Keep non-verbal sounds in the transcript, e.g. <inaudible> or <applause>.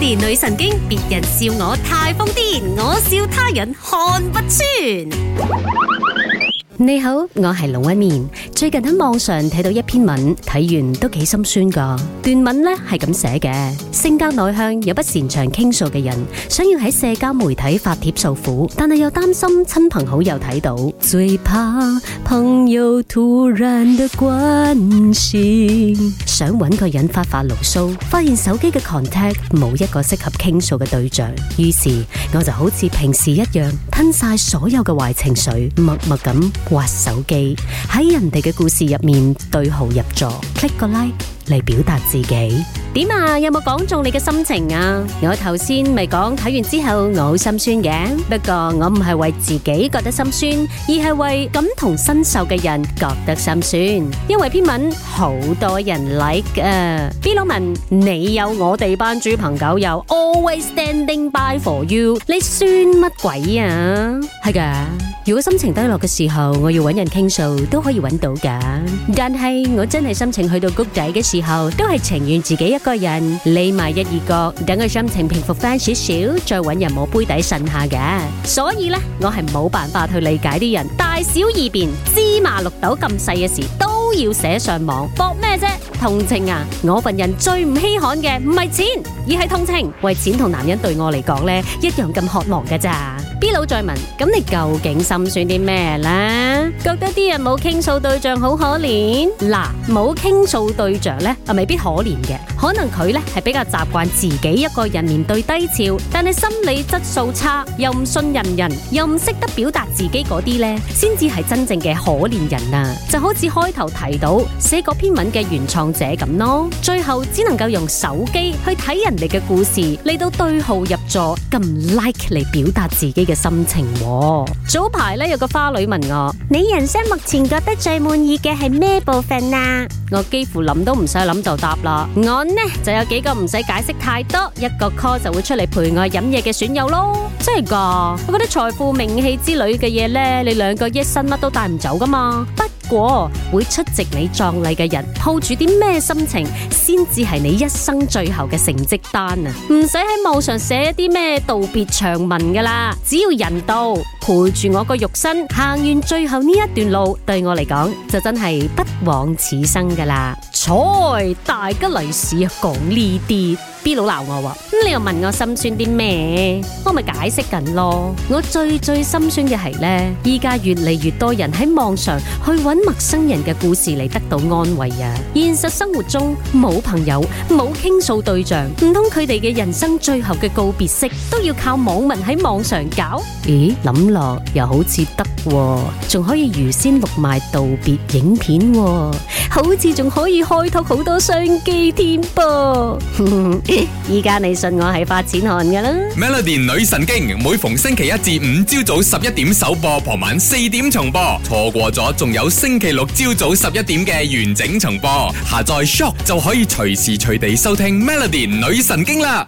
連女神經，別人笑我太瘋癲，我笑他人看不穿。你好，我係龍紋敏。最近喺網上睇到一篇文，睇完都幾心酸噶。段文咧係咁寫嘅：性格內向又不擅長傾訴嘅人，想要喺社交媒體發帖訴苦，但係又擔心親朋好友睇到，最怕朋友突然的關心。想搵個人發發牢騷，發現手機嘅 contact 冇一個適合傾訴嘅對象，於是我就好似平時一樣吞晒所有嘅壞情緒，默默咁劃手機，喺人哋嘅。故事入面，對號入座，click 個 like 嚟表達自己。點啊？有冇講中你嘅心情啊？我頭先咪講睇完之後我好心酸嘅，不過我唔係為自己覺得心酸，而係為感同身受嘅人覺得心酸，因為篇文好多人 like 啊！Billoman，你有我哋班豬朋狗友又 always standing by for you，你酸乜鬼啊？係噶，如果心情低落嘅時候，我要搵人傾訴都可以搵到噶，但係我真係心情去到谷底嘅時候，都係情願自己一。一個人理埋一二個，等佢心情平復翻少少，再揾人摸杯底呻下嘅。所以咧，我係冇辦法去理解啲人大小二便芝麻綠豆咁細嘅事都要寫上網搏咩啫？同情啊！我份人最唔稀罕嘅唔係錢。而喺通稱為錢同男人對我嚟講咧，一樣咁渴望嘅咋？B 佬再問，咁你究竟心酸啲咩咧？覺得啲人冇傾訴對象好可憐？嗱，冇傾訴對象咧，啊未必可憐嘅，可能佢咧係比較習慣自己一個人面對低潮，但係心理質素差，又唔信任人，又唔識得表達自己嗰啲咧，先至係真正嘅可憐人啊！就好似開頭提到寫嗰篇文嘅原創者咁咯，最後只能夠用手機去睇人。你嘅故事你都對號入座，咁 like 嚟表達自己嘅心情，哦。早排咧，有個花女問我，你人生目前覺得最滿意嘅係咩部分啊？我幾乎諗都唔使諗就答啦。我呢就有幾個唔使解釋太多，一個 call 就會出嚟陪我飲嘢嘅損友咯。真係噶，我覺得財富、名氣之類嘅嘢呢，你兩個一身乜都帶唔走噶嘛。如果會出席你葬禮嘅人，抱住啲咩心情，先至係你一生最後嘅成績單啊！唔使喺網上寫啲咩道別長文噶啦，只要人到陪住我個肉身行完最後呢一段路，對我嚟講就真係不枉此生噶啦！彩， <noise> 大家嚟時講呢啲。B 佬鬧我，咁你又問我心酸啲咩？我咪解釋緊咯。我最最心酸嘅係咧，依家越嚟越多人喺網上去搵陌生人嘅故事嚟得到安慰啊！現實生活中冇朋友、冇傾訴對象，唔通佢哋嘅人生最後嘅告別式都要靠網民喺網上搞？咦，諗落又好似得，仲可以預先錄埋道別影片，好似仲可以開拓好多商機添噃。依家 <noise> 你信我係發錢寒噶啦，Melody 女神經每逢星期一至五朝早十一點首播，傍晚四點重播，錯過咗仲有星期六朝早十一點嘅完整重播，下載 Shock 就可以隨時隨地收聽 Melody 女神經啦。